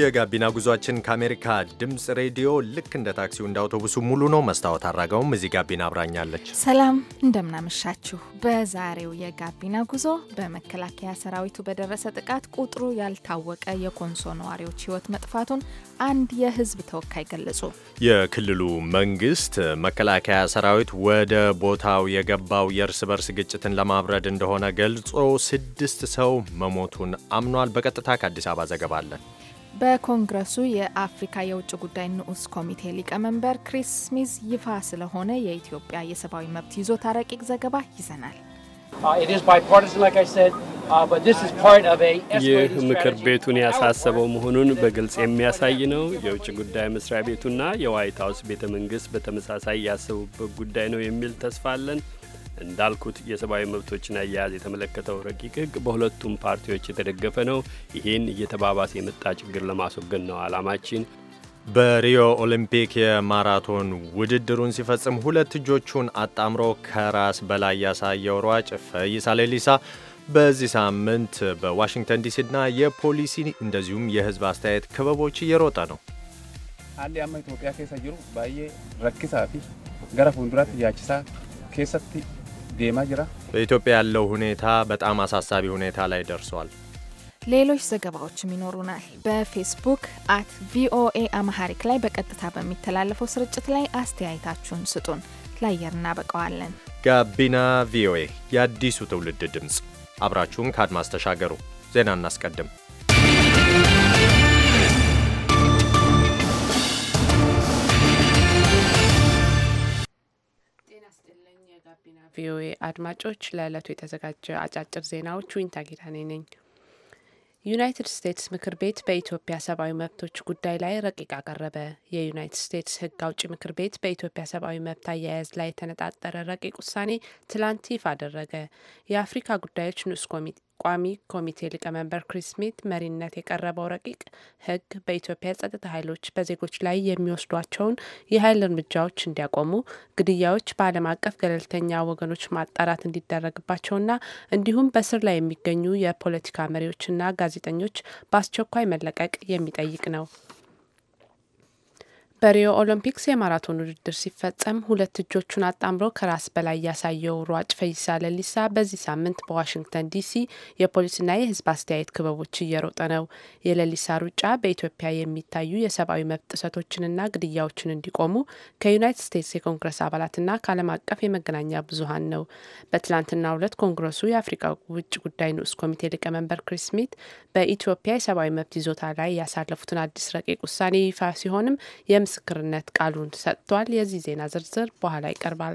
የጋቢና ጉዟችን ከአሜሪካ ድምፅ ሬዲዮ ልክ እንደ ታክሲው እንደ አውቶቡሱ ሙሉ ነው። መስታወት አድራጋውም እዚህ ጋቢና አብራኛለች። ሰላም እንደምናመሻችሁ። በዛሬው የጋቢና ጉዞ በመከላከያ ሰራዊቱ በደረሰ ጥቃት ቁጥሩ ያልታወቀ የኮንሶ ነዋሪዎች ሕይወት መጥፋቱን አንድ የህዝብ ተወካይ ገለጹ። የክልሉ መንግስት መከላከያ ሰራዊት ወደ ቦታው የገባው የእርስ በርስ ግጭትን ለማብረድ እንደሆነ ገልጾ ስድስት ሰው መሞቱን አምኗል። በቀጥታ ከአዲስ አበባ ዘገባ አለን። በኮንግረሱ የአፍሪካ የውጭ ጉዳይ ንዑስ ኮሚቴ ሊቀመንበር ክሪስ ስሚዝ ይፋ ስለሆነ የኢትዮጵያ የሰብአዊ መብት ይዞታ ረቂቅ ዘገባ ይዘናል። uh, uh, ይህ ምክር ቤቱን ያሳሰበው መሆኑን በግልጽ የሚያሳይ ነው። የውጭ ጉዳይ መስሪያ ቤቱና የዋይት ሀውስ ቤተ መንግስት በተመሳሳይ ያሰቡበት ጉዳይ ነው የሚል ተስፋ አለን። እንዳልኩት የሰብአዊ መብቶችን አያያዝ የተመለከተው ረቂቅ ሕግ በሁለቱም ፓርቲዎች የተደገፈ ነው። ይህን እየተባባሰ የመጣ ችግር ለማስወገድ ነው አላማችን በሪዮ ኦሊምፒክ የማራቶን ውድድሩን ሲፈጽም ሁለት እጆቹን አጣምሮ ከራስ በላይ ያሳየው ሯጭ ፈይሳ ሌሊሳ በዚህ ሳምንት በዋሽንግተን ዲሲና የፖሊሲ እንደዚሁም የህዝብ አስተያየት ክበቦች እየሮጠ ነው። አንድ አማ ኢትዮጵያ ኬሳ ጅሩ ባዬ ረኪሳ ፊ ገረ ፉንዱራት ያችሳ ኬሰቲ በኢትዮጵያ ያለው ሁኔታ በጣም አሳሳቢ ሁኔታ ላይ ደርሷል። ሌሎች ዘገባዎችም ይኖሩናል። በፌስቡክ አት ቪኦኤ አማሐሪክ ላይ በቀጥታ በሚተላለፈው ስርጭት ላይ አስተያየታችሁን ስጡን። ለአየር እናበቀዋለን። ጋቢና ቪኦኤ የአዲሱ ትውልድ ድምፅ፣ አብራችሁን ከአድማስ ተሻገሩ። ዜና እናስቀድም። ቪኦኤ አድማጮች ለዕለቱ የተዘጋጀ አጫጭር ዜናዎች ዊንታ ጊዳኔ ነኝ። ዩናይትድ ስቴትስ ምክር ቤት በኢትዮጵያ ሰብአዊ መብቶች ጉዳይ ላይ ረቂቅ አቀረበ። የዩናይትድ ስቴትስ ሕግ አውጪ ምክር ቤት በኢትዮጵያ ሰብአዊ መብት አያያዝ ላይ የተነጣጠረ ረቂቅ ውሳኔ ትላንት ይፋ አደረገ። የአፍሪካ ጉዳዮች ንዑስ ቋሚ ኮሚቴ ሊቀመንበር ክሪስ ስሚት መሪነት የቀረበው ረቂቅ ህግ በኢትዮጵያ የጸጥታ ኃይሎች በዜጎች ላይ የሚወስዷቸውን የኃይል እርምጃዎች እንዲያቆሙ፣ ግድያዎች በዓለም አቀፍ ገለልተኛ ወገኖች ማጣራት እንዲደረግባቸውና እንዲሁም በስር ላይ የሚገኙ የፖለቲካ መሪዎችና ጋዜጠኞች በአስቸኳይ መለቀቅ የሚጠይቅ ነው። በሪዮ ኦሎምፒክስ የማራቶን ውድድር ሲፈጸም ሁለት እጆቹን አጣምሮ ከራስ በላይ ያሳየው ሯጭ ፈይሳ ለሊሳ በዚህ ሳምንት በዋሽንግተን ዲሲ የፖሊስና የሕዝብ አስተያየት ክበቦች እየሮጠ ነው። የለሊሳ ሩጫ በኢትዮጵያ የሚታዩ የሰብአዊ መብት ጥሰቶችንና ግድያዎችን እንዲቆሙ ከዩናይትድ ስቴትስ የኮንግረስ አባላትና ከዓለም አቀፍ የመገናኛ ብዙሀን ነው። በትላንትናው ዕለት ኮንግረሱ የአፍሪካ ውጭ ጉዳይ ንዑስ ኮሚቴ ሊቀመንበር ክሪስ ስሚት በኢትዮጵያ የሰብአዊ መብት ይዞታ ላይ ያሳለፉትን አዲስ ረቂቅ ውሳኔ ይፋ ሲሆንም የምስክርነት ቃሉን ሰጥቷል። የዚህ ዜና ዝርዝር በኋላ ይቀርባል።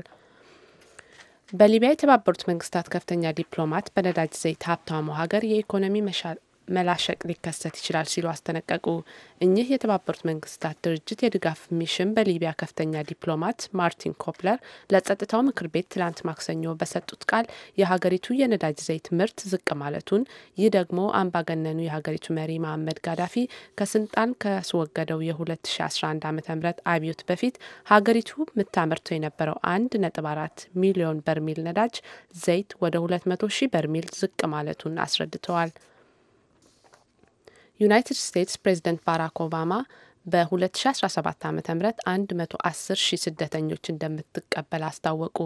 በሊቢያ የተባበሩት መንግስታት ከፍተኛ ዲፕሎማት በነዳጅ ዘይት ሀብታሙ ሀገር የኢኮኖሚ መላሸቅ ሊከሰት ይችላል ሲሉ አስጠነቀቁ። እኚህ የተባበሩት መንግስታት ድርጅት የድጋፍ ሚሽን በሊቢያ ከፍተኛ ዲፕሎማት ማርቲን ኮፕለር ለጸጥታው ምክር ቤት ትላንት ማክሰኞ በሰጡት ቃል የሀገሪቱ የነዳጅ ዘይት ምርት ዝቅ ማለቱን፣ ይህ ደግሞ አምባገነኑ የሀገሪቱ መሪ መሐመድ ጋዳፊ ከስልጣን ካስወገደው የ2011 ዓ ም አብዮት በፊት ሀገሪቱ ምታመርተው የነበረው 1.4 ሚሊዮን በርሚል ነዳጅ ዘይት ወደ 200 ሺህ በርሚል ዝቅ ማለቱን አስረድተዋል። ዩናይትድ ስቴትስ ፕሬዚደንት ባራክ ኦባማ በ2017 ዓ ም 110 ሺህ ስደተኞች እንደምትቀበል አስታወቁ።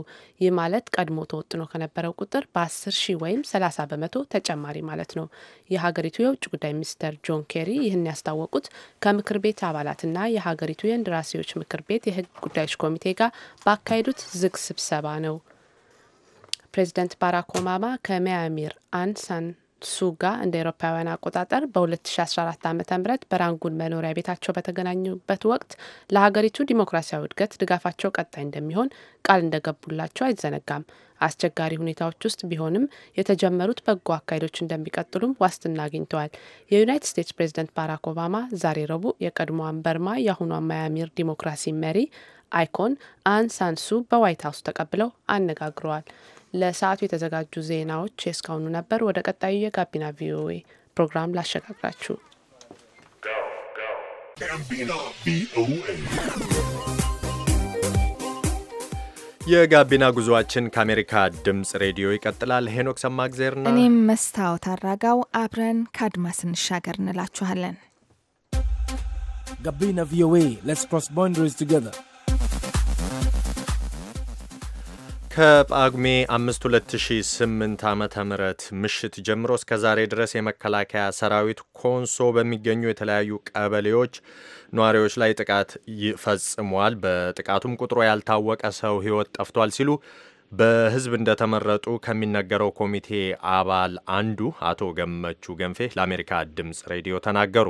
ይህ ማለት ቀድሞ ተወጥኖ ከነበረው ቁጥር በ10 ሺህ ወይም 30 በመቶ ተጨማሪ ማለት ነው። የሀገሪቱ የውጭ ጉዳይ ሚኒስተር ጆን ኬሪ ይህን ያስታወቁት ከምክር ቤት አባላትና የሀገሪቱ የእንደራሴዎች ምክር ቤት የህግ ጉዳዮች ኮሚቴ ጋር ባካሄዱት ዝግ ስብሰባ ነው። ፕሬዚደንት ባራክ ኦባማ ከሚያሚር አንሳን ሱጋ እንደ ኤሮፓውያን አቆጣጠር በ2014 ዓ ም በራንጉን መኖሪያ ቤታቸው በተገናኙበት ወቅት ለሀገሪቱ ዲሞክራሲያዊ እድገት ድጋፋቸው ቀጣይ እንደሚሆን ቃል እንደገቡላቸው አይዘነጋም። አስቸጋሪ ሁኔታዎች ውስጥ ቢሆንም የተጀመሩት በጎ አካሄዶች እንደሚቀጥሉም ዋስትና አግኝተዋል። የዩናይትድ ስቴትስ ፕሬዚደንት ባራክ ኦባማ ዛሬ ረቡዕ የቀድሞዋን በርማ የአሁኗን ማያሚር ዲሞክራሲ መሪ አይኮን አንሳንሱ በዋይት ሀውስ ተቀብለው አነጋግረዋል። ለሰዓቱ የተዘጋጁ ዜናዎች የእስካሁኑ ነበር። ወደ ቀጣዩ የጋቢና ቪኦኤ ፕሮግራም ላሸጋግራችሁ። የጋቢና ጉዞአችን ከአሜሪካ ድምፅ ሬዲዮ ይቀጥላል። ሄኖክ ሰማግዜርና እኔም መስታወት አራጋው አብረን ከአድማስ እንሻገር እንላችኋለን። ጋቢና ቪኦኤ ሌትስ ክሮስ ባውንደሪስ ቱጌዘር ከጳጉሜ 5 2008 ዓ ም ምሽት ጀምሮ እስከ ዛሬ ድረስ የመከላከያ ሰራዊት ኮንሶ በሚገኙ የተለያዩ ቀበሌዎች ነዋሪዎች ላይ ጥቃት ይፈጽሟል። በጥቃቱም ቁጥሩ ያልታወቀ ሰው ሕይወት ጠፍቷል ሲሉ በህዝብ እንደተመረጡ ከሚነገረው ኮሚቴ አባል አንዱ አቶ ገመቹ ገንፌ ለአሜሪካ ድምፅ ሬዲዮ ተናገሩ።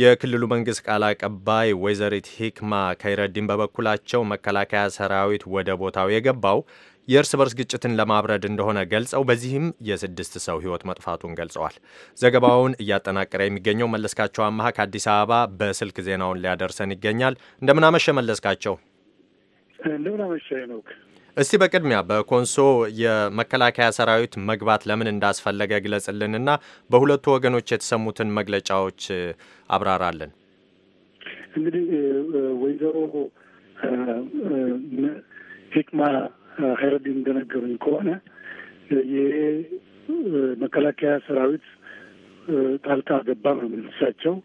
የክልሉ መንግስት ቃል አቀባይ ወይዘሪት ሂክማ ከይረዲን በበኩላቸው መከላከያ ሰራዊት ወደ ቦታው የገባው የእርስ በርስ ግጭትን ለማብረድ እንደሆነ ገልጸው በዚህም የስድስት ሰው ሕይወት መጥፋቱን ገልጸዋል። ዘገባውን እያጠናቀረ የሚገኘው መለስካቸው አመሀ ከአዲስ አበባ በስልክ ዜናውን ሊያደርሰን ይገኛል። እንደምናመሸ መለስካቸው። እንደምናመሸ ኖክ እስቲ በቅድሚያ በኮንሶ የመከላከያ ሰራዊት መግባት ለምን እንዳስፈለገ ግለጽልንና በሁለቱ ወገኖች የተሰሙትን መግለጫዎች አብራራለን። እንግዲህ ወይዘሮ ሂክማ ሀይረዲን እንደነገሩኝ ከሆነ ይሄ መከላከያ ሰራዊት ጣልቃ ገባ ነው የምንሳቸው።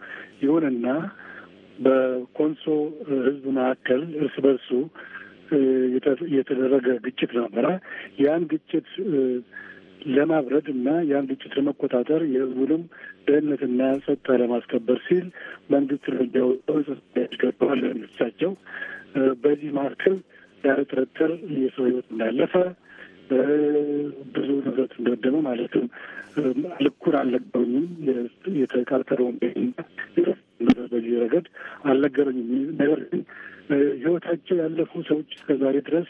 ይሁንና በኮንሶ ህዝብ መካከል እርስ በርሱ የተደረገ ግጭት ነበረ። ያን ግጭት ለማብረድ እና ያን ግጭት ለመቆጣጠር የህዝቡንም ደህንነትና ጸጥታ ለማስከበር ሲል መንግስት እርምጃ ያስገባዋል ለሚሳቸው በዚህ መካከል ያለ ጥርጥር የሰው ህይወት እንዳለፈ ብዙ ንብረት እንደወደመ ማለትም ልኩን አልነበሩኝም የተቃጠለውን ቤትና በዚህ ረገድ አልነገረኝም። ነገር ግን ህይወታቸው ያለፉ ሰዎች እስከዛሬ ድረስ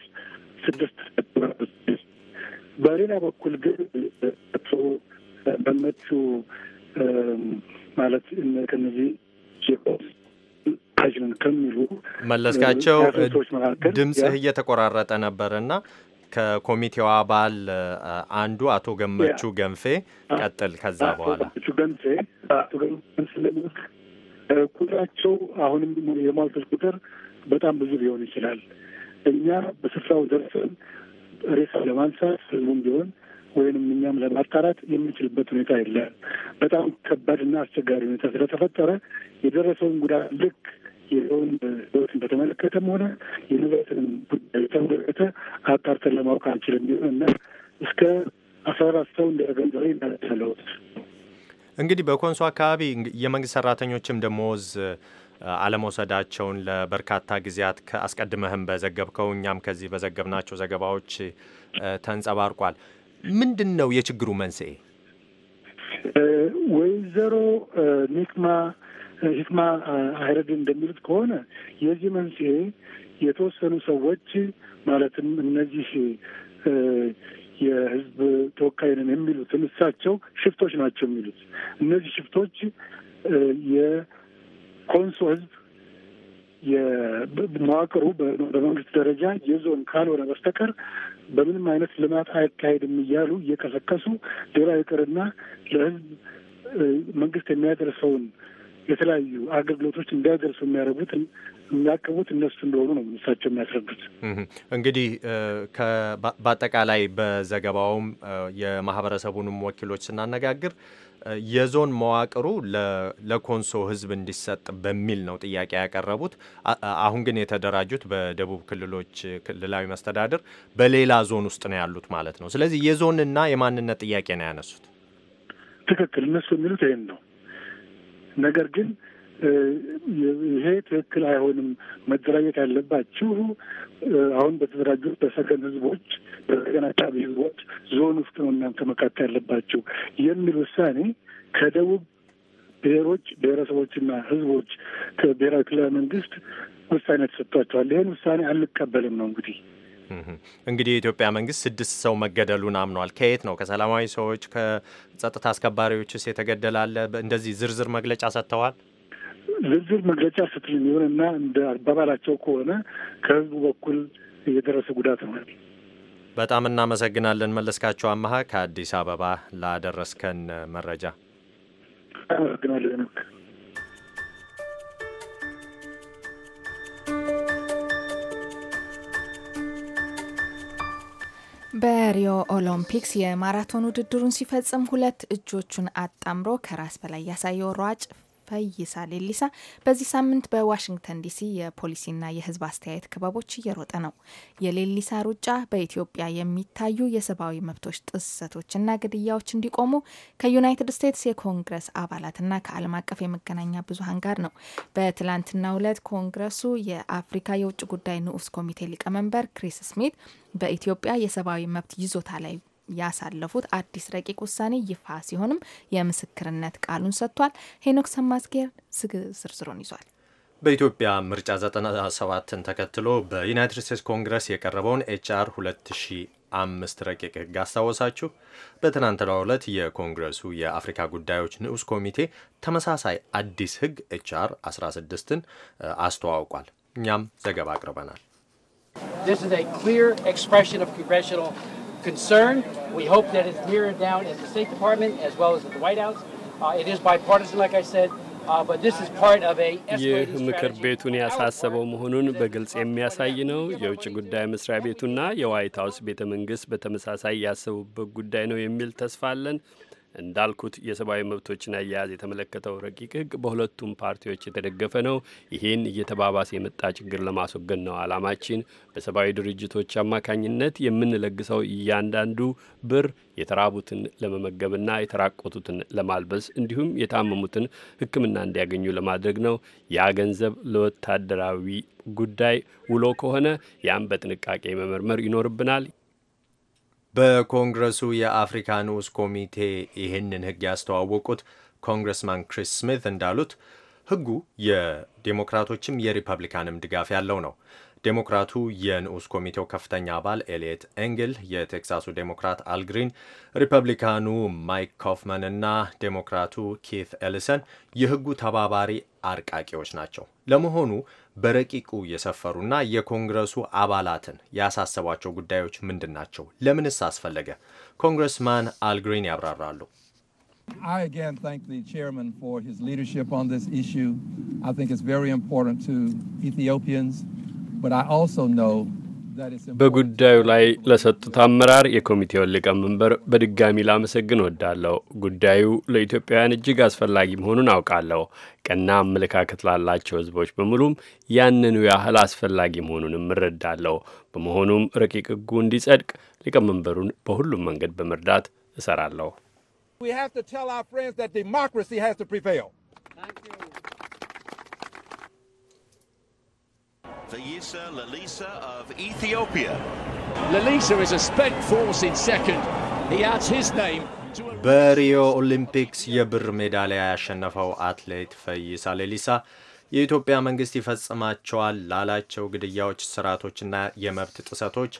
ስድስት በሌላ በኩል ግን አቶ ገመቹ ማለት ከነዚህ ጅንን ከሚሉ መለስካቸው ድምፅህ እየተቆራረጠ ነበር ነበርና ከኮሚቴው አባል አንዱ አቶ ገመቹ ገንፌ ቀጥል። ከዛ በኋላ ገንፌ ቁጥራቸው አሁንም የሟቾች ቁጥር በጣም ብዙ ሊሆን ይችላል። እኛ በስፍራው ደርሰን ሬሳ ለማንሳት ህዝቡም ቢሆን ወይንም እኛም ለማጣራት የምንችልበት ሁኔታ የለም። በጣም ከባድና አስቸጋሪ ሁኔታ ስለተፈጠረ የደረሰውን ጉዳት ልክ የሆን ህይወትን በተመለከተም ሆነ የንብረትን ጉዳይ በተመለከተ አጣርተን ለማወቅ አንችልም እና እስከ አስራ አራት ሰው እንደገንዘበ ይናለውት እንግዲህ በኮንሶ አካባቢ የመንግስት ሰራተኞችም ደሞዝ አለመውሰዳቸውን ለበርካታ ጊዜያት አስቀድመህም በዘገብከው እኛም ከዚህ በዘገብናቸው ዘገባዎች ተንጸባርቋል። ምንድን ነው የችግሩ መንስኤ? ወይዘሮ ኒክማ ሂክማ አይረድ እንደሚሉት ከሆነ የዚህ መንስኤ የተወሰኑ ሰዎች ማለትም እነዚህ የህዝብ ተወካይ ነን የሚሉትን እሳቸው ሽፍቶች ናቸው የሚሉት እነዚህ ሽፍቶች የኮንሶ ህዝብ መዋቅሩ በመንግስት ደረጃ የዞን ካልሆነ በስተቀር በምንም አይነት ልማት አይካሄድም እያሉ እየቀሰቀሱ ሌላው ይቅርና ለህዝብ መንግስት የሚያደርሰውን የተለያዩ አገልግሎቶች እንዳያደርሱ የሚያደርጉትን የሚያቅቡት እነሱ እንደሆኑ ነው እሳቸው የሚያስረዱት። እንግዲህ በአጠቃላይ በዘገባውም የማህበረሰቡንም ወኪሎች ስናነጋግር የዞን መዋቅሩ ለኮንሶ ሕዝብ እንዲሰጥ በሚል ነው ጥያቄ ያቀረቡት። አሁን ግን የተደራጁት በደቡብ ክልሎች ክልላዊ መስተዳድር በሌላ ዞን ውስጥ ነው ያሉት ማለት ነው። ስለዚህ የዞንና የማንነት ጥያቄ ነው ያነሱት። ትክክል፣ እነሱ የሚሉት ይህን ነው። ነገር ግን ይሄ ትክክል አይሆንም። መደራጀት ያለባችሁ አሁን በተደራጁ በሰገን ህዝቦች፣ በሰገን አካባቢ ህዝቦች ዞን ውስጥ ነው እናንተ መካከል ያለባችሁ የሚል ውሳኔ ከደቡብ ብሔሮች ብሔረሰቦችና ህዝቦች ከብሔራዊ ክልላዊ መንግስት ውሳኔ ተሰጥቷቸዋል። ይህን ውሳኔ አንቀበልም ነው እንግዲህ እንግዲህ የኢትዮጵያ መንግስት ስድስት ሰው መገደሉን አምኗል። ከየት ነው ከሰላማዊ ሰዎች ከጸጥታ አስከባሪዎችስ የተገደላለ? እንደዚህ ዝርዝር መግለጫ ሰጥተዋል። ዝርዝር መግለጫ ስትልም ይሁን እና እንደ አባባላቸው ከሆነ ከህዝቡ በኩል የደረሰ ጉዳት ነው። በጣም እናመሰግናለን መለስካቸው አመሀ ከአዲስ አበባ ላደረስከን መረጃ አመሰግናለን። በሪዮ ኦሎምፒክስ የማራቶን ውድድሩን ሲፈጽም ሁለት እጆቹን አጣምሮ ከራስ በላይ ያሳየው ሯጭ ፈይሳ ሌሊሳ በዚህ ሳምንት በዋሽንግተን ዲሲ የፖሊሲና የሕዝብ አስተያየት ክበቦች እየሮጠ ነው። የሌሊሳ ሩጫ በኢትዮጵያ የሚታዩ የሰብአዊ መብቶች ጥሰቶችና ግድያዎች እንዲቆሙ ከዩናይትድ ስቴትስ የኮንግረስ አባላትና ከዓለም አቀፍ የመገናኛ ብዙሀን ጋር ነው። በትላንትናው ዕለት ኮንግረሱ የአፍሪካ የውጭ ጉዳይ ንዑስ ኮሚቴ ሊቀመንበር ክሪስ ስሚት በኢትዮጵያ የሰብአዊ መብት ይዞታ ላይ ያሳለፉት አዲስ ረቂቅ ውሳኔ ይፋ ሲሆንም የምስክርነት ቃሉን ሰጥቷል። ሄኖክ ሰማዝጌር ስግ ዝርዝሩን ይዟል። በኢትዮጵያ ምርጫ 97ን ተከትሎ በዩናይትድ ስቴትስ ኮንግረስ የቀረበውን ኤችአር 2005 ረቂቅ ህግ አስታወሳችሁ። በትናንትናው ዕለት የኮንግረሱ የአፍሪካ ጉዳዮች ንዑስ ኮሚቴ ተመሳሳይ አዲስ ህግ ኤችአር 16ን አስተዋውቋል። እኛም ዘገባ አቅርበናል። concern. We hope that it's mirrored down at the State Department as well as at the White House. Uh, it is bipartisan, like I said. ይህ ምክር ቤቱን ያሳሰበው መሆኑን በግልጽ የሚያሳይ ነው። የውጭ ጉዳይ መስሪያ ቤቱና የዋይት ሀውስ ቤተ መንግስት በተመሳሳይ ያሰቡበት ጉዳይ ነው የሚል ተስፋ አለን። እንዳልኩት የሰብአዊ መብቶችን አያያዝ የተመለከተው ረቂቅ ህግ በሁለቱም ፓርቲዎች የተደገፈ ነው። ይህን እየተባባሰ የመጣ ችግር ለማስወገድ ነው ዓላማችን። በሰብአዊ ድርጅቶች አማካኝነት የምንለግሰው እያንዳንዱ ብር የተራቡትን ለመመገብና የተራቆቱትን ለማልበስ እንዲሁም የታመሙትን ሕክምና እንዲያገኙ ለማድረግ ነው። ያ ገንዘብ ለወታደራዊ ጉዳይ ውሎ ከሆነ ያም በጥንቃቄ መመርመር ይኖርብናል። በኮንግረሱ የአፍሪካ ንዑስ ኮሚቴ ይህንን ህግ ያስተዋወቁት ኮንግረስማን ክሪስ ስሚት እንዳሉት ህጉ የዴሞክራቶችም የሪፐብሊካንም ድጋፍ ያለው ነው። ዴሞክራቱ የንዑስ ኮሚቴው ከፍተኛ አባል ኤልየት ኤንግል፣ የቴክሳሱ ዴሞክራት አልግሪን፣ ሪፐብሊካኑ ማይክ ኮፍመን እና ዴሞክራቱ ኬት ኤሊሰን የህጉ ተባባሪ አርቃቂዎች ናቸው። ለመሆኑ በረቂቁ የሰፈሩና የኮንግረሱ አባላትን ያሳሰቧቸው ጉዳዮች ምንድን ናቸው? ለምንስ አስፈለገ? ኮንግረስማን አልግሪን ያብራራሉ። I በጉዳዩ ላይ ለሰጡት አመራር የኮሚቴውን ሊቀመንበር በድጋሚ ላመሰግን ወዳለሁ። ጉዳዩ ለኢትዮጵያውያን እጅግ አስፈላጊ መሆኑን አውቃለሁ። ቀና አመለካከት ላላቸው ሕዝቦች በሙሉም ያንኑ ያህል አስፈላጊ መሆኑንም እረዳለሁ። በመሆኑም ረቂቅ ሕጉ እንዲጸድቅ ሊቀመንበሩን በሁሉም መንገድ በመርዳት እሰራለሁ። Thayisa Lalisa of Ethiopia. Lalisa is a spent force in second. He adds his name በሪዮ ኦሊምፒክስ የብር ሜዳሊያ ያሸነፈው አትሌት ፈይሳ ሌሊሳ የኢትዮጵያ መንግስት ይፈጽማቸዋል ላላቸው ግድያዎች፣ ስርዓቶችና የመብት ጥሰቶች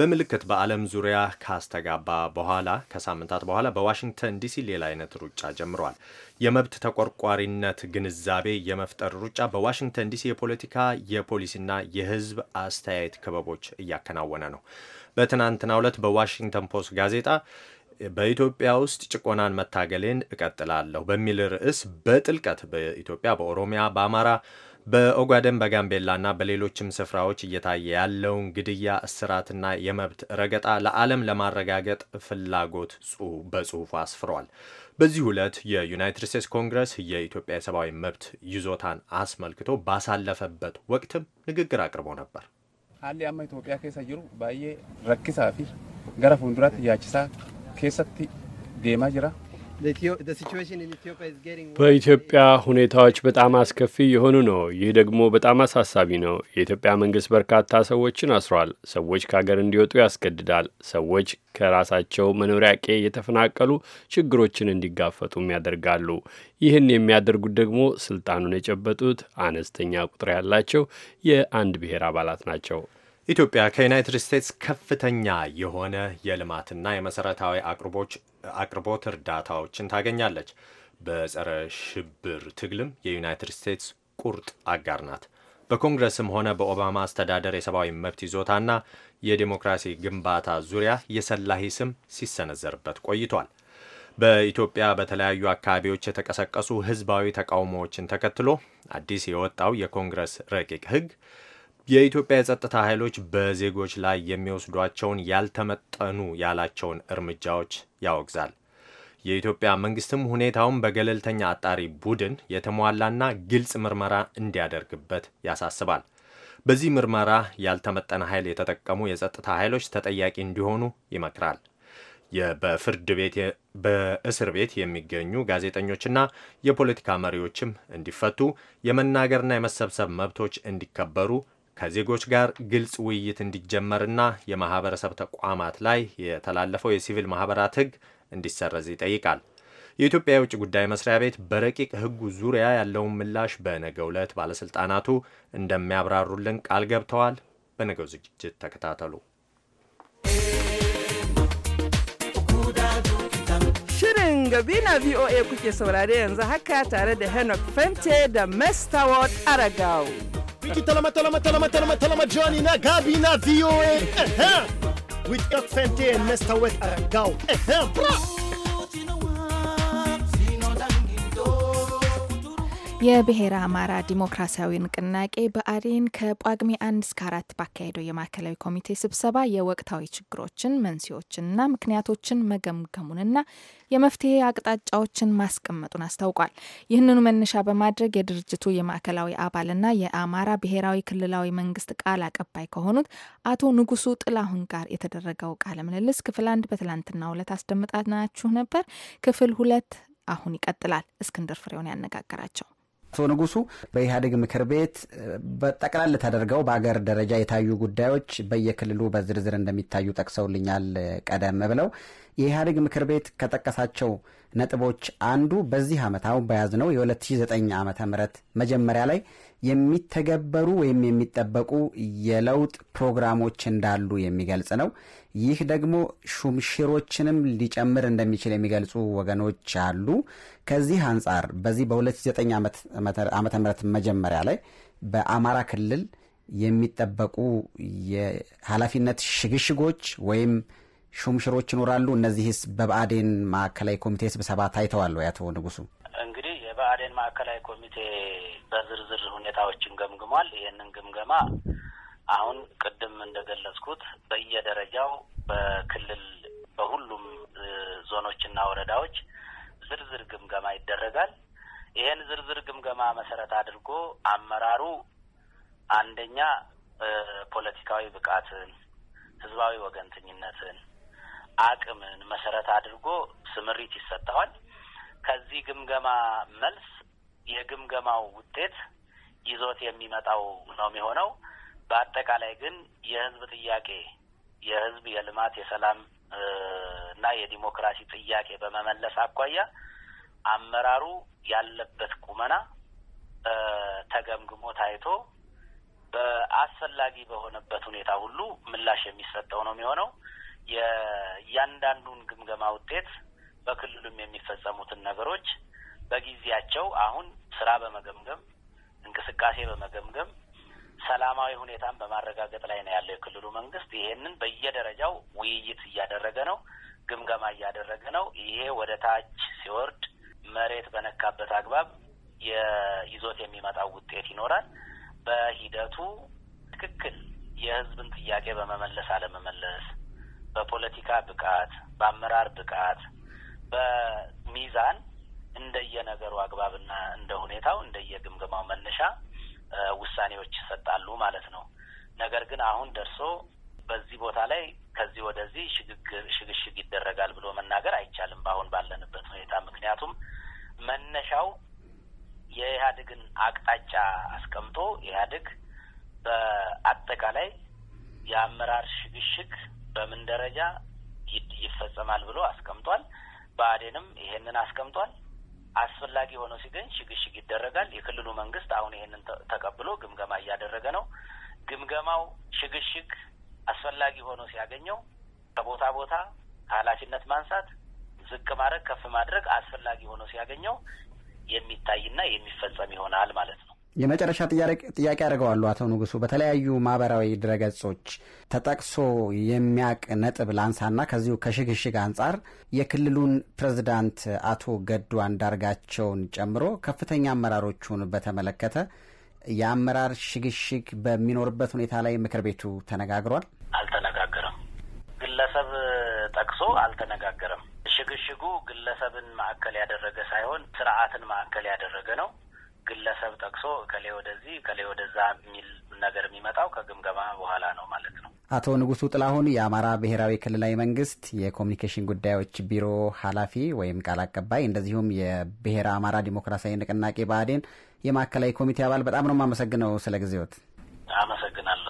በምልክት በዓለም ዙሪያ ካስተጋባ በኋላ ከሳምንታት በኋላ በዋሽንግተን ዲሲ ሌላ አይነት ሩጫ ጀምሯል። የመብት ተቆርቋሪነት ግንዛቤ የመፍጠር ሩጫ በዋሽንግተን ዲሲ የፖለቲካ የፖሊሲና የሕዝብ አስተያየት ክበቦች እያከናወነ ነው። በትናንትናው ዕለት በዋሽንግተን ፖስት ጋዜጣ በኢትዮጵያ ውስጥ ጭቆናን መታገሌን እቀጥላለሁ በሚል ርዕስ በጥልቀት በኢትዮጵያ፣ በኦሮሚያ፣ በአማራ በኦጋደን በጋምቤላና በሌሎችም ስፍራዎች እየታየ ያለውን ግድያ፣ እስራትና የመብት ረገጣ ለዓለም ለማረጋገጥ ፍላጎት በጽሑፉ አስፍሯል። በዚህ ዕለት የዩናይትድ ስቴትስ ኮንግረስ የኢትዮጵያ የሰብአዊ መብት ይዞታን አስመልክቶ ባሳለፈበት ወቅትም ንግግር አቅርቦ ነበር። አንድ ያማ ኢትዮጵያ ኬሳ ጅሩ ባዬ ረኪሳፊ ገረፉንዱራት ያችሳ ኬሰቲ ዴማ ጅራ በኢትዮጵያ ሁኔታዎች በጣም አስከፊ የሆኑ ነው። ይህ ደግሞ በጣም አሳሳቢ ነው። የኢትዮጵያ መንግስት በርካታ ሰዎችን አስሯል። ሰዎች ከሀገር እንዲወጡ ያስገድዳል። ሰዎች ከራሳቸው መኖሪያ ቄ የተፈናቀሉ ችግሮችን እንዲጋፈጡም ያደርጋሉ። ይህን የሚያደርጉት ደግሞ ስልጣኑን የጨበጡት አነስተኛ ቁጥር ያላቸው የአንድ ብሔር አባላት ናቸው። ኢትዮጵያ ከዩናይትድ ስቴትስ ከፍተኛ የሆነ የልማትና የመሰረታዊ አቅርቦች አቅርቦት እርዳታዎችን ታገኛለች። በጸረ ሽብር ትግልም የዩናይትድ ስቴትስ ቁርጥ አጋር ናት። በኮንግረስም ሆነ በኦባማ አስተዳደር የሰብአዊ መብት ይዞታና የዴሞክራሲ ግንባታ ዙሪያ የሰላሂ ስም ሲሰነዘርበት ቆይቷል። በኢትዮጵያ በተለያዩ አካባቢዎች የተቀሰቀሱ ህዝባዊ ተቃውሞዎችን ተከትሎ አዲስ የወጣው የኮንግረስ ረቂቅ ህግ የኢትዮጵያ የጸጥታ ኃይሎች በዜጎች ላይ የሚወስዷቸውን ያልተመጠኑ ያላቸውን እርምጃዎች ያወግዛል። የኢትዮጵያ መንግስትም ሁኔታውን በገለልተኛ አጣሪ ቡድን የተሟላና ግልጽ ምርመራ እንዲያደርግበት ያሳስባል። በዚህ ምርመራ ያልተመጠነ ኃይል የተጠቀሙ የጸጥታ ኃይሎች ተጠያቂ እንዲሆኑ ይመክራል። በፍርድ ቤት በእስር ቤት የሚገኙ ጋዜጠኞችና የፖለቲካ መሪዎችም እንዲፈቱ፣ የመናገርና የመሰብሰብ መብቶች እንዲከበሩ ከዜጎች ጋር ግልጽ ውይይት እንዲጀመርና የማህበረሰብ ተቋማት ላይ የተላለፈው የሲቪል ማህበራት ህግ እንዲሰረዝ ይጠይቃል። የኢትዮጵያ የውጭ ጉዳይ መስሪያ ቤት በረቂቅ ህጉ ዙሪያ ያለውን ምላሽ በነገው ዕለት ባለስልጣናቱ እንደሚያብራሩልን ቃል ገብተዋል። በነገው ዝግጅት ተከታተሉ። Shirin Gabina VOA kuke saurare yanzu haka tare da Enoch Fente da Aragao. Wiki talama talama talama talama talama Johnny na Gabi na VOA. Eh, eh. With Kat Fente and Mr. Wet Aragao. Bra! Eh, የብሔረ አማራ ዲሞክራሲያዊ ንቅናቄ በአሬን ከጳጉሜ አንድ እስከ አራት ባካሄደው የማዕከላዊ ኮሚቴ ስብሰባ የወቅታዊ ችግሮችን መንስኤዎችንና ምክንያቶችን መገምገሙንና የመፍትሄ አቅጣጫዎችን ማስቀመጡን አስታውቋል። ይህንኑ መነሻ በማድረግ የድርጅቱ የማዕከላዊ አባልና የአማራ ብሔራዊ ክልላዊ መንግስት ቃል አቀባይ ከሆኑት አቶ ንጉሱ ጥላሁን ጋር የተደረገው ቃለ ምልልስ ክፍል አንድ በትላንትናው ዕለት አስደምጣናችሁ ነበር። ክፍል ሁለት አሁን ይቀጥላል። እስክንድር ፍሬውን ያነጋገራቸው አቶ ንጉሱ በኢህአዴግ ምክር ቤት በጠቅላል ተደርገው በአገር ደረጃ የታዩ ጉዳዮች በየክልሉ በዝርዝር እንደሚታዩ ጠቅሰውልኛል ቀደም ብለው የኢህአዴግ ምክር ቤት ከጠቀሳቸው ነጥቦች አንዱ በዚህ ዓመት አሁን በያዝነው የ2009 ዓ ም መጀመሪያ ላይ የሚተገበሩ ወይም የሚጠበቁ የለውጥ ፕሮግራሞች እንዳሉ የሚገልጽ ነው። ይህ ደግሞ ሹምሽሮችንም ሊጨምር እንደሚችል የሚገልጹ ወገኖች አሉ። ከዚህ አንጻር በዚህ በ2009 ዓ ም መጀመሪያ ላይ በአማራ ክልል የሚጠበቁ የኃላፊነት ሽግሽጎች ወይም ሹምሽሮች ይኖራሉ። እነዚህስ በብአዴን ማዕከላዊ ኮሚቴ ስብሰባ ታይተዋል ወይ? አቶ ንጉሱ እንግዲህ የብአዴን ማዕከላዊ ኮሚቴ በዝርዝር ሁኔታዎችን ገምግሟል። ይህንን ግምገማ አሁን ቅድም እንደገለጽኩት በየደረጃው በክልል በሁሉም ዞኖችና ወረዳዎች ዝርዝር ግምገማ ይደረጋል። ይህን ዝርዝር ግምገማ መሰረት አድርጎ አመራሩ አንደኛ ፖለቲካዊ ብቃትን፣ ህዝባዊ ወገንተኝነትን አቅምን መሰረት አድርጎ ስምሪት ይሰጠዋል። ከዚህ ግምገማ መልስ የግምገማው ውጤት ይዞት የሚመጣው ነው የሚሆነው። በአጠቃላይ ግን የህዝብ ጥያቄ የህዝብ የልማት የሰላም እና የዲሞክራሲ ጥያቄ በመመለስ አኳያ አመራሩ ያለበት ቁመና ተገምግሞ ታይቶ በአስፈላጊ በሆነበት ሁኔታ ሁሉ ምላሽ የሚሰጠው ነው የሚሆነው። የእያንዳንዱን ግምገማ ውጤት በክልሉም የሚፈጸሙትን ነገሮች በጊዜያቸው አሁን ስራ በመገምገም እንቅስቃሴ በመገምገም ሰላማዊ ሁኔታን በማረጋገጥ ላይ ነው ያለው የክልሉ መንግስት። ይሄንን በየደረጃው ውይይት እያደረገ ነው፣ ግምገማ እያደረገ ነው። ይሄ ወደ ታች ሲወርድ መሬት በነካበት አግባብ የይዞት የሚመጣው ውጤት ይኖራል። በሂደቱ ትክክል የህዝብን ጥያቄ በመመለስ አለመመለስ በፖለቲካ ብቃት፣ በአመራር ብቃት፣ በሚዛን እንደየነገሩ አግባብና እንደ ሁኔታው እንደየግምገማው መነሻ ውሳኔዎች ይሰጣሉ ማለት ነው። ነገር ግን አሁን ደርሶ በዚህ ቦታ ላይ ከዚህ ወደዚህ ሽግግር ሽግሽግ ይደረጋል ብሎ መናገር አይቻልም በአሁን ባለንበት ሁኔታ። ምክንያቱም መነሻው የኢህአዴግን አቅጣጫ አስቀምጦ ኢህአዴግ በአጠቃላይ የአመራር ሽግሽግ በምን ደረጃ ይፈጸማል ብሎ አስቀምጧል። ብአዴንም ይሄንን አስቀምጧል። አስፈላጊ ሆኖ ሲገኝ ሽግሽግ ይደረጋል። የክልሉ መንግስት አሁን ይሄንን ተቀብሎ ግምገማ እያደረገ ነው። ግምገማው ሽግሽግ አስፈላጊ ሆኖ ሲያገኘው ከቦታ ቦታ ኃላፊነት ማንሳት፣ ዝቅ ማድረግ፣ ከፍ ማድረግ አስፈላጊ ሆኖ ሲያገኘው የሚታይና የሚፈጸም ይሆናል ማለት ነው። የመጨረሻ ጥያቄ ያደርገዋሉ። አቶ ንጉሱ በተለያዩ ማህበራዊ ድረገጾች ተጠቅሶ የሚያቅ ነጥብ ላንሳና ከዚሁ ከሽግሽግ አንጻር የክልሉን ፕሬዝዳንት አቶ ገዱ አንዳርጋቸውን ጨምሮ ከፍተኛ አመራሮቹን በተመለከተ የአመራር ሽግሽግ በሚኖርበት ሁኔታ ላይ ምክር ቤቱ ተነጋግሯል? አልተነጋገረም። ግለሰብ ጠቅሶ አልተነጋገረም። ሽግሽጉ ግለሰብን ማዕከል ያደረገ ሳይሆን ስርዓትን ማዕከል ያደረገ ነው። ግለሰብ ጠቅሶ ከሌ ወደዚህ ከሌ ወደዛ የሚል ነገር የሚመጣው ከግምገማ በኋላ ነው ማለት ነው። አቶ ንጉሱ ጥላሁን የአማራ ብሔራዊ ክልላዊ መንግስት የኮሚኒኬሽን ጉዳዮች ቢሮ ኃላፊ ወይም ቃል አቀባይ፣ እንደዚሁም የብሔረ አማራ ዲሞክራሲያዊ ንቅናቄ ብአዴን የማዕከላዊ ኮሚቴ አባል፣ በጣም ነው የማመሰግነው ስለ ጊዜዎት። አመሰግናለሁ።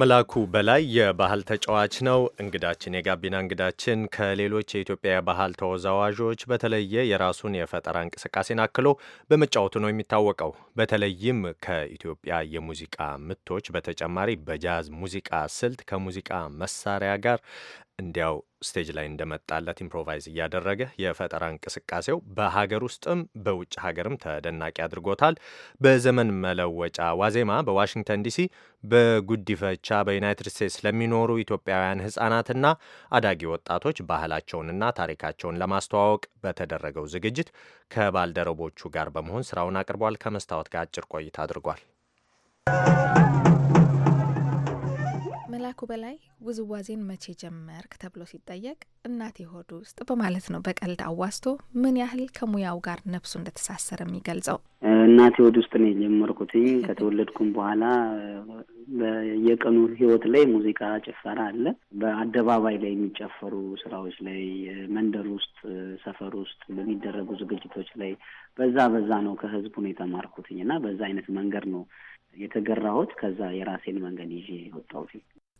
መላኩ በላይ የባህል ተጫዋች ነው እንግዳችን፣ የጋቢና እንግዳችን። ከሌሎች የኢትዮጵያ የባህል ተወዛዋዦች በተለየ የራሱን የፈጠራ እንቅስቃሴን አክሎ በመጫወቱ ነው የሚታወቀው። በተለይም ከኢትዮጵያ የሙዚቃ ምቶች በተጨማሪ በጃዝ ሙዚቃ ስልት ከሙዚቃ መሳሪያ ጋር እንዲያው ስቴጅ ላይ እንደመጣለት ኢምፕሮቫይዝ እያደረገ የፈጠራ እንቅስቃሴው በሀገር ውስጥም በውጭ ሀገርም ተደናቂ አድርጎታል። በዘመን መለወጫ ዋዜማ በዋሽንግተን ዲሲ በጉዲፈቻ በዩናይትድ ስቴትስ ለሚኖሩ ኢትዮጵያውያን ሕጻናትና አዳጊ ወጣቶች ባህላቸውንና ታሪካቸውን ለማስተዋወቅ በተደረገው ዝግጅት ከባልደረቦቹ ጋር በመሆን ስራውን አቅርቧል። ከመስታወት ጋር አጭር ቆይታ አድርጓል። መላኩ በላይ ውዝዋዜን መቼ ጀመርክ ተብሎ ሲጠየቅ እናቴ ሆድ ውስጥ በማለት ነው በቀልድ አዋስቶ ምን ያህል ከሙያው ጋር ነፍሱ እንደተሳሰረ የሚገልጸው። እናቴ ሆድ ውስጥ ነው የጀመርኩትኝ። ከተወለድኩም በኋላ በየቀኑ ህይወት ላይ ሙዚቃ፣ ጭፈራ አለ። በአደባባይ ላይ የሚጨፈሩ ስራዎች ላይ፣ መንደር ውስጥ፣ ሰፈር ውስጥ በሚደረጉ ዝግጅቶች ላይ በዛ በዛ ነው ከህዝቡ ነው የተማርኩትኝ እና በዛ አይነት መንገድ ነው የተገራሁት። ከዛ የራሴን መንገድ ይዤ ወጣሁት።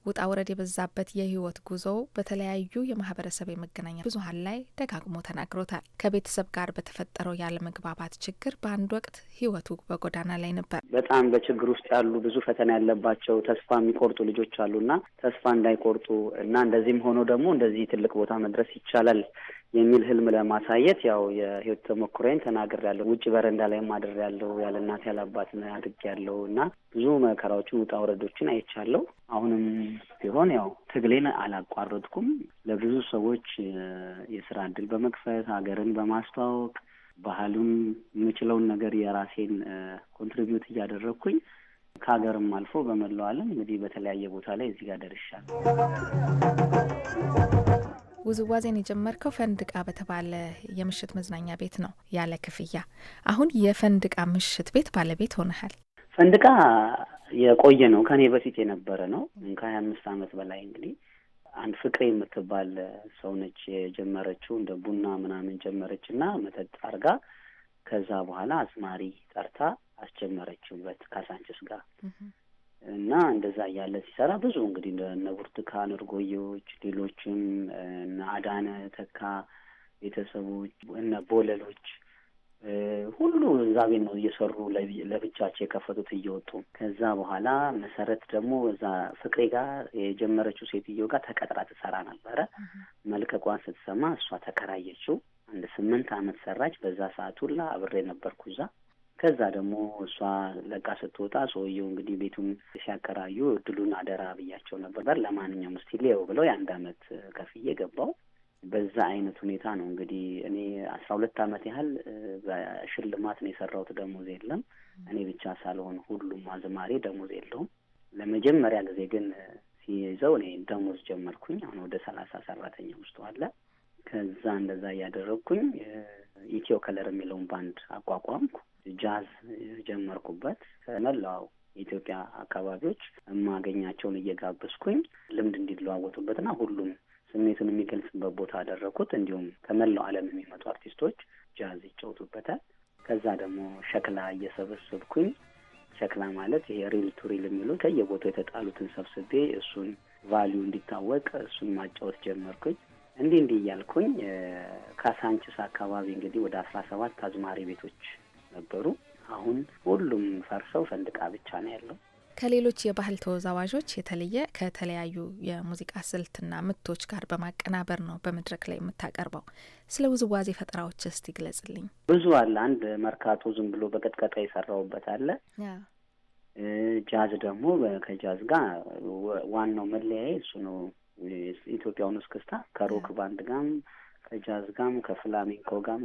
ውጣ ውረድ የበዛበት የህይወት ጉዞ በተለያዩ የማህበረሰብ የመገናኛ ብዙሀን ላይ ደጋግሞ ተናግሮታል። ከቤተሰብ ጋር በተፈጠረው ያለመግባባት ችግር በአንድ ወቅት ህይወቱ በጎዳና ላይ ነበር። በጣም በችግር ውስጥ ያሉ ብዙ ፈተና ያለባቸው ተስፋ የሚቆርጡ ልጆች አሉና ተስፋ እንዳይቆርጡ እና እንደዚህም ሆኖ ደግሞ እንደዚህ ትልቅ ቦታ መድረስ ይቻላል የሚል ህልም ለማሳየት ያው የህይወት ተሞክሮዬን ተናግሬያለሁ። ውጭ በረንዳ ላይ አድሬያለሁ። ያለ እናት ያለ አባት ያለው እና ብዙ መከራዎችን ውጣ ውረዶችን አይቻለሁ። አሁንም ቢሆን ያው ትግሌን አላቋረጥኩም። ለብዙ ሰዎች የስራ እድል በመክፈት ሀገርን በማስተዋወቅ ባህሉን የምችለውን ነገር የራሴን ኮንትሪቢዩት እያደረግኩኝ ከሀገርም አልፎ በመላው ዓለም እንግዲህ በተለያየ ቦታ ላይ እዚህ ጋር ደርሻለሁ። ውዝዋዜን የጀመርከው ፈንድቃ በተባለ የምሽት መዝናኛ ቤት ነው ያለ ክፍያ። አሁን የፈንድቃ ምሽት ቤት ባለቤት ሆነሃል። ፈንድቃ የቆየ ነው፣ ከኔ በፊት የነበረ ነው። ከሀያ አምስት አመት በላይ እንግዲህ አንድ ፍቅሬ የምትባል ሰው ነች የጀመረችው። እንደ ቡና ምናምን ጀመረች እና መጠጥ አርጋ ከዛ በኋላ አዝማሪ ጠርታ አስጀመረችበት ካሳንችስ ጋር እና እንደዛ እያለ ሲሰራ ብዙ እንግዲህ እነ ብርቱካን እርጎዮች፣ ሌሎችም እነ አዳነ ተካ ቤተሰቦች፣ እነ ቦለሎች ሁሉ እዛቤ ነው እየሰሩ ለብቻቸው የከፈቱት እየወጡ። ከዛ በኋላ መሰረት ደግሞ እዛ ፍቅሬ ጋር የጀመረችው ሴትዮ ጋር ተቀጥራ ትሰራ ነበረ። መልቀቋን ስትሰማ እሷ ተከራየችው። አንድ ስምንት አመት ሰራች። በዛ ሰዓት ሁላ አብሬ ነበርኩ እዛ ከዛ ደግሞ እሷ ለቃ ስትወጣ ሰውየው እንግዲህ ቤቱን ሲያከራዩ እድሉን አደራ ብያቸው ነበር። ለማንኛውም እስቲ ሊየው ብለው የአንድ አመት ከፍዬ ገባው። በዛ አይነት ሁኔታ ነው እንግዲህ እኔ አስራ ሁለት አመት ያህል በሽልማት ነው የሰራሁት። ደሞዝ የለም። እኔ ብቻ ሳልሆን ሁሉም አዝማሪ ደሞዝ የለውም። ለመጀመሪያ ጊዜ ግን ሲይዘው እኔ ደሞዝ ጀመርኩኝ። አሁን ወደ ሰላሳ ሰራተኛ ውስጥ አለ። ከዛ እንደዛ እያደረግኩኝ ኢትዮ ከለር የሚለውን ባንድ አቋቋምኩ። ጃዝ ጀመርኩበት። ከመላው የኢትዮጵያ አካባቢዎች የማገኛቸውን እየጋበዝኩኝ ልምድ እንዲለዋወጡበትና ሁሉም ስሜቱን የሚገልጽበት ቦታ አደረኩት። እንዲሁም ከመላው ዓለም የሚመጡ አርቲስቶች ጃዝ ይጫወቱበታል። ከዛ ደግሞ ሸክላ እየሰበሰብኩኝ ሸክላ ማለት ይሄ ሪል ቱሪል የሚሉ ከየቦታው የተጣሉትን ሰብስቤ እሱን ቫሊዩ እንዲታወቅ እሱን ማጫወት ጀመርኩኝ። እንዲህ እንዲህ እያልኩኝ ካሳንችስ አካባቢ እንግዲህ ወደ አስራ ሰባት አዝማሪ ቤቶች ነበሩ። አሁን ሁሉም ፈርሰው ፈንድቃ ብቻ ነው ያለው። ከሌሎች የባህል ተወዛዋዦች የተለየ ከተለያዩ የሙዚቃ ስልትና ምቶች ጋር በማቀናበር ነው በመድረክ ላይ የምታቀርበው። ስለ ውዝዋዜ ፈጠራዎች እስቲ ግለጽልኝ። ብዙ አለ። አንድ መርካቶ ዝም ብሎ በቀጥቀጣ የሰራውበት አለ። ጃዝ ደግሞ ከጃዝ ጋር ዋናው መለያ እሱ ነው። ኢትዮጵያውን እስክስታ ከሮክ ባንድ ጋም ከጃዝ ጋም ከፍላሚንኮ ጋም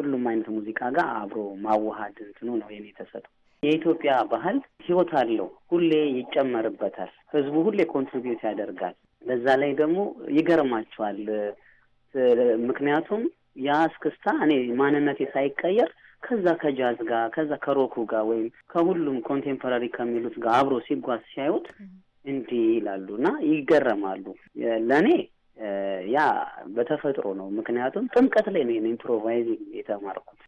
ሁሉም አይነት ሙዚቃ ጋር አብሮ ማዋሃድ እንትኑ ነው የኔ ተሰጠው። የኢትዮጵያ ባህል ህይወት አለው፣ ሁሌ ይጨመርበታል። ህዝቡ ሁሌ ኮንትሪቢዩት ያደርጋል። በዛ ላይ ደግሞ ይገርማቸዋል። ምክንያቱም ያ እስክስታ እኔ ማንነቴ ሳይቀየር ከዛ ከጃዝ ጋር ከዛ ከሮኩ ጋር ወይም ከሁሉም ኮንቴምፖራሪ ከሚሉት ጋር አብሮ ሲጓዝ ሲያዩት እንዲህ ይላሉ እና ይገረማሉ። ለእኔ ያ በተፈጥሮ ነው። ምክንያቱም ጥምቀት ላይ ነው ኢምፕሮቫይዚንግ የተማርኩት።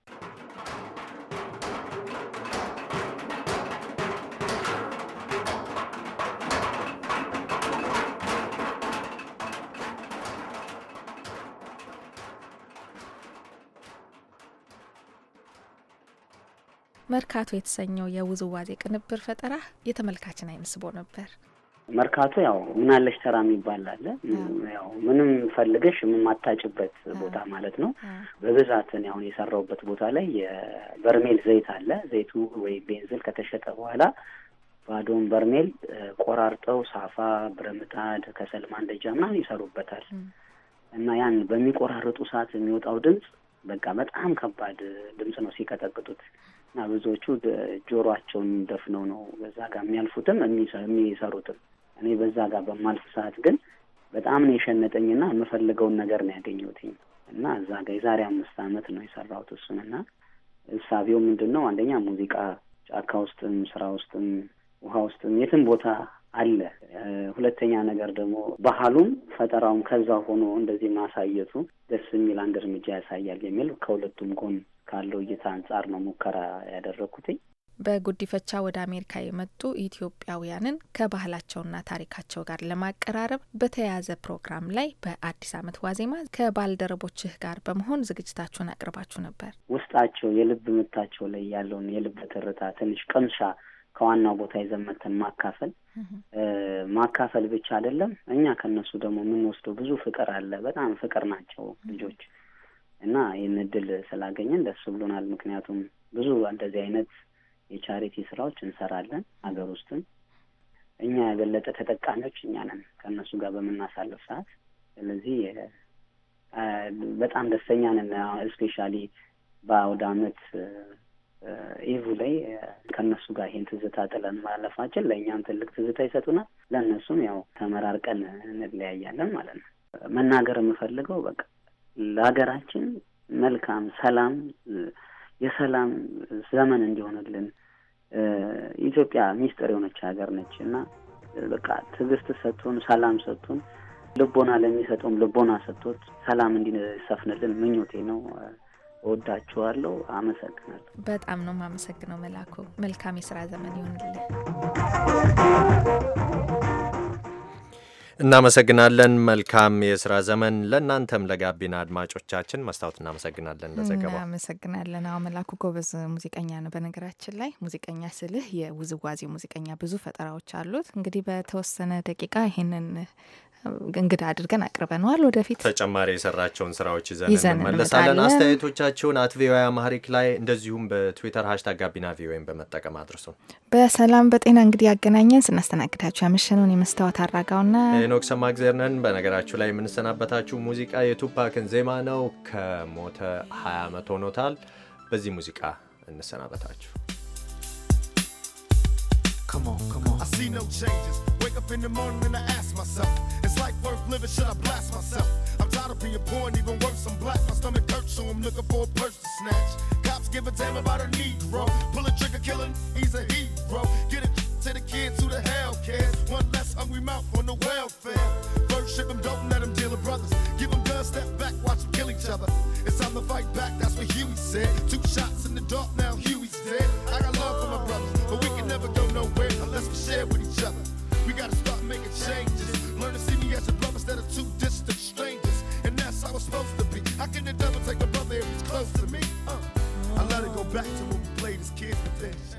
መርካቶ የተሰኘው የውዝዋዜ ቅንብር ፈጠራ የተመልካችን አይን ስቦ ነበር። መርካቶ ያው ምናለሽ ተራ የሚባል አለ። ያው ምንም ፈልገሽ የማታጭበት ቦታ ማለት ነው። በብዛትን ያሁን የሰራውበት ቦታ ላይ የበርሜል ዘይት አለ። ዘይቱ ወይ ቤንዝል ከተሸጠ በኋላ ባዶን በርሜል ቆራርጠው ሳፋ፣ ብረምጣድ፣ ከሰል ማንደጃ ምናምን ይሰሩበታል እና ያን በሚቆራርጡ ሰዓት የሚወጣው ድምፅ በቃ በጣም ከባድ ድምፅ ነው ሲቀጠቅጡት እና ብዙዎቹ ጆሮአቸውን ደፍነው ነው በዛ ጋር የሚያልፉትም የሚሰሩትም እኔ በዛ ጋር በማልፍ ሰዓት ግን በጣም ነው የሸነጠኝና የምፈልገውን ነገር ነው ያገኘሁትኝ እና እዛ ጋር የዛሬ አምስት አመት ነው የሰራሁት እሱን እና እሳቤው ምንድን ነው አንደኛ ሙዚቃ ጫካ ውስጥም ስራ ውስጥም ውሃ ውስጥም የትም ቦታ አለ። ሁለተኛ ነገር ደግሞ ባህሉም ፈጠራውም ከዛ ሆኖ እንደዚህ ማሳየቱ ደስ የሚል አንድ እርምጃ ያሳያል የሚል ከሁለቱም ጎን ካለው እይታ አንጻር ነው ሙከራ ያደረግኩትኝ። በጉዲፈቻ ወደ አሜሪካ የመጡ ኢትዮጵያውያንን ከባህላቸውና ታሪካቸው ጋር ለማቀራረብ በተያያዘ ፕሮግራም ላይ በአዲስ አመት ዋዜማ ከባልደረቦችህ ጋር በመሆን ዝግጅታችሁን አቅርባችሁ ነበር። ውስጣቸው የልብ ምታቸው ላይ ያለውን የልብ ትርታ ትንሽ ቀምሻ ከዋናው ቦታ የዘመተን ማካፈል ማካፈል ብቻ አይደለም። እኛ ከነሱ ደግሞ የምንወስደው ብዙ ፍቅር አለ። በጣም ፍቅር ናቸው ልጆች እና ይህን እድል ስላገኘን ደስ ብሎናል። ምክንያቱም ብዙ እንደዚህ አይነት የቻሪቲ ስራዎች እንሰራለን። ሀገር ውስጥም እኛ የበለጠ ተጠቃሚዎች እኛ ነን ከእነሱ ጋር በምናሳልፍ ሰዓት። ስለዚህ በጣም ደስተኛ ነን። እስፔሻሊ በአውደ አመት ኢቭ ላይ ከእነሱ ጋር ይሄን ትዝታ ጥለን ማለፋችን ለእኛም ትልቅ ትዝታ ይሰጡናል፣ ለእነሱም ያው ተመራርቀን እንለያያለን ማለት ነው። መናገር የምፈልገው በቃ ለሀገራችን መልካም ሰላም የሰላም ዘመን እንዲሆንልን ኢትዮጵያ ሚስጥር የሆነች ሀገር ነች እና በቃ ትዕግስት ሰጡን፣ ሰላም ሰጡን። ልቦና ለሚሰጡም ልቦና ሰጥቶት ሰላም እንዲሰፍንልን ምኞቴ ነው። ወዳችኋለሁ። አመሰግናለሁ። በጣም ነው የማመሰግነው መላኩ። መልካም የስራ ዘመን ይሆንልን። እናመሰግናለን። መልካም የስራ ዘመን ለእናንተም ለጋቢና አድማጮቻችን። መስታወት እናመሰግናለን ለዘገባ እናመሰግናለን። አሁ መላኩ ጎበዝ ሙዚቀኛ ነው። በነገራችን ላይ ሙዚቀኛ ስልህ የውዝዋዜ ሙዚቀኛ ብዙ ፈጠራዎች አሉት። እንግዲህ በተወሰነ ደቂቃ ይህንን እንግዳ አድርገን አቅርበነዋል። ወደፊት ተጨማሪ የሰራቸውን ስራዎች ይዘን እንመለሳለን። አስተያየቶቻችሁን አት ቪኦኤ አማሪክ ላይ እንደዚሁም በትዊተር ሀሽታግ ጋቢና ቪኦኤን በመጠቀም አድርሱ። በሰላም በጤና እንግዲህ ያገናኘን። ስናስተናግዳችሁ ያመሸነውን የመስታወት አራጋውና ኖክ ሰማግዜር ነን። በነገራችሁ ላይ የምንሰናበታችሁ ሙዚቃ የቱፓክን ዜማ ነው። ከሞተ 20 ዓመት ሆኖታል። በዚህ ሙዚቃ እንሰናበታችሁ። Come on, come on. I see no changes. Wake up in the morning and I ask myself. life worth living? Should I blast myself? I'm tired of being poor and even worse, I'm black. My stomach hurts, so I'm looking for a purse to snatch. Cops give a damn about a Negro. Pull a trigger, killing, he's a hero. Get it to the kids who the hell cares. One less hungry mouth on the welfare. First ship them, don't let them deal with brothers. Give them guns, step back, watch them kill each other. It's time to fight back, that's what Huey said. Two shots in the dark, now Huey's dead. I got love for my brothers, but we can never go nowhere unless we share with each other. We gotta start making changes, learn to see brothers that are too distant strangers. And that's how it's supposed to be. How can the devil take a brother if he's close to me? Uh. I let it go back to when we played as kids,